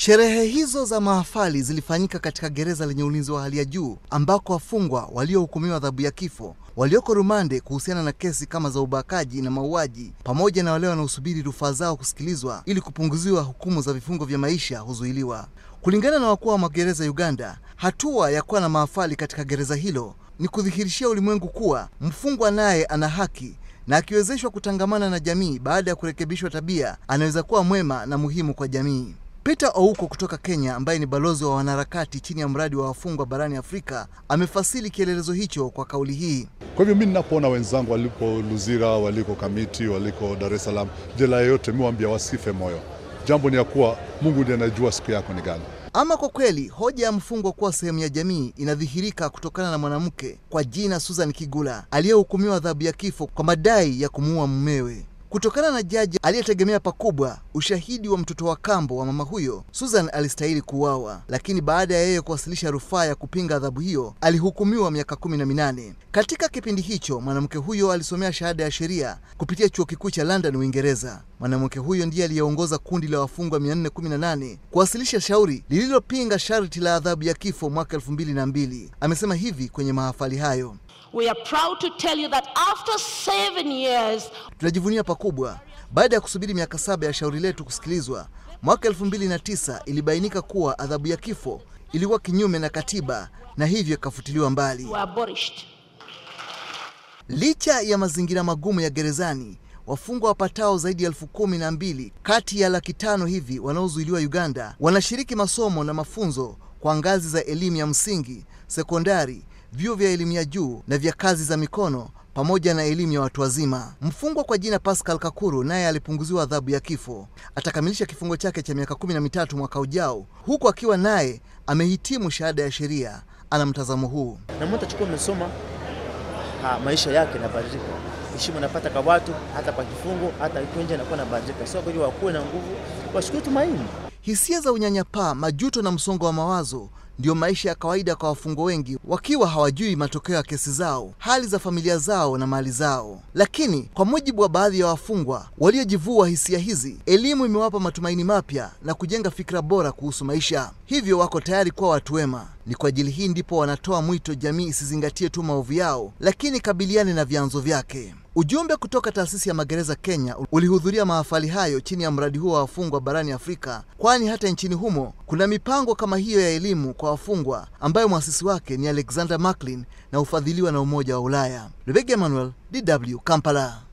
Sherehe hizo za mahafali zilifanyika katika gereza lenye ulinzi wa hali ya juu ambako wafungwa waliohukumiwa adhabu ya kifo, walioko rumande kuhusiana na kesi kama za ubakaji na mauaji, pamoja na wale wanaosubiri rufaa zao kusikilizwa ili kupunguziwa hukumu za vifungo vya maisha huzuiliwa. Kulingana na wakuu wa magereza Uganda, hatua ya kuwa na mahafali katika gereza hilo ni kudhihirishia ulimwengu kuwa mfungwa naye ana haki na akiwezeshwa kutangamana na jamii baada ya kurekebishwa tabia, anaweza kuwa mwema na muhimu kwa jamii. Peter Ouko kutoka Kenya ambaye ni balozi wa wanaharakati chini ya mradi wa wafungwa barani Afrika amefasili kielelezo hicho kwa kauli hii. Kwa hivyo mi ninapoona wenzangu waliko Luzira, waliko Kamiti, waliko Dar es Salaam, jela yeyote mi waambia wasife moyo. Jambo ni ya kuwa Mungu ndiye anajua siku yako ni gani. Ama kwa kweli hoja ya mfungwa kuwa sehemu ya jamii inadhihirika kutokana na mwanamke kwa jina Susan Kigula aliyehukumiwa adhabu ya kifo kwa madai ya kumuua mumewe. Kutokana na jaji aliyetegemea pakubwa ushahidi wa mtoto wa kambo wa mama huyo, Susan alistahili kuuawa, lakini baada ya yeye kuwasilisha rufaa ya kupinga adhabu hiyo, alihukumiwa miaka kumi na minane. Katika kipindi hicho, mwanamke huyo alisomea shahada ya sheria kupitia chuo kikuu cha London, Uingereza. Mwanamke huyo ndiye aliyeongoza kundi la wafungwa 418 kuwasilisha shauri lililopinga sharti la adhabu ya kifo mwaka mbili Amesema hivi kwenye mahafali hayo. We are proud to tell you that after seven years... Tunajivunia pakubwa baada ya kusubiri miaka saba ya shauri letu kusikilizwa. Mwaka 2009 ilibainika kuwa adhabu ya kifo ilikuwa kinyume na katiba na hivyo ikafutiliwa mbali. Licha ya mazingira magumu ya gerezani, wafungwa wapatao zaidi ya elfu kumi na mbili kati ya laki tano hivi wanaozuiliwa Uganda wanashiriki masomo na mafunzo kwa ngazi za elimu ya msingi, sekondari vyuo vya elimu ya juu na vya kazi za mikono pamoja na elimu ya watu wazima. Mfungwa kwa jina Pascal Kakuru naye alipunguziwa adhabu ya kifo. Atakamilisha kifungo chake cha miaka kumi na mitatu mwaka ujao, huku akiwa naye amehitimu shahada ya sheria. Ana mtazamo huu: namna achukua amesoma, maisha yake nabadilika, heshima napata kwa watu, hata kwa kifungo, hata nje nakuwa nabadilika. So kweli wakuwe na nguvu, washukuru tumaini Hisia za unyanyapaa, majuto na msongo wa mawazo ndiyo maisha ya kawaida kwa wafungwa wengi, wakiwa hawajui matokeo ya kesi zao, hali za familia zao na mali zao. Lakini kwa mujibu wa baadhi ya wafungwa waliojivua hisia hizi, elimu imewapa matumaini mapya na kujenga fikra bora kuhusu maisha, hivyo wako tayari kuwa watu wema. Ni kwa ajili hii ndipo wanatoa mwito jamii isizingatie tu maovu yao, lakini kabiliane na vyanzo vyake. Ujumbe kutoka taasisi ya magereza Kenya ulihudhuria mahafali hayo chini ya mradi huo wa wafungwa barani Afrika, kwani hata nchini humo kuna mipango kama hiyo ya elimu kwa wafungwa ambayo mwasisi wake ni Alexander Maclin na hufadhiliwa na Umoja wa Ulaya. Rebecca Emmanuel, DW, Kampala.